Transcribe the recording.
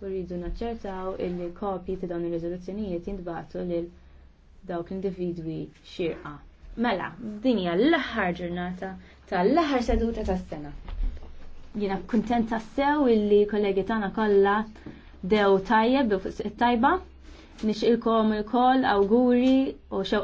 u rridu naċċertaw illi kopji ta' dawn ir-riżoluzzjonijiet jintbagħtu lil dawk l-individwi xirqa. Mela, din hija l-aħħar ġurnata tal-aħħar seduta tas-sena. Jiena kuntenta sew illi kollegi tagħna kollha dew tajjeb, dew fuq tajba, nixqilkom il awguri u xew.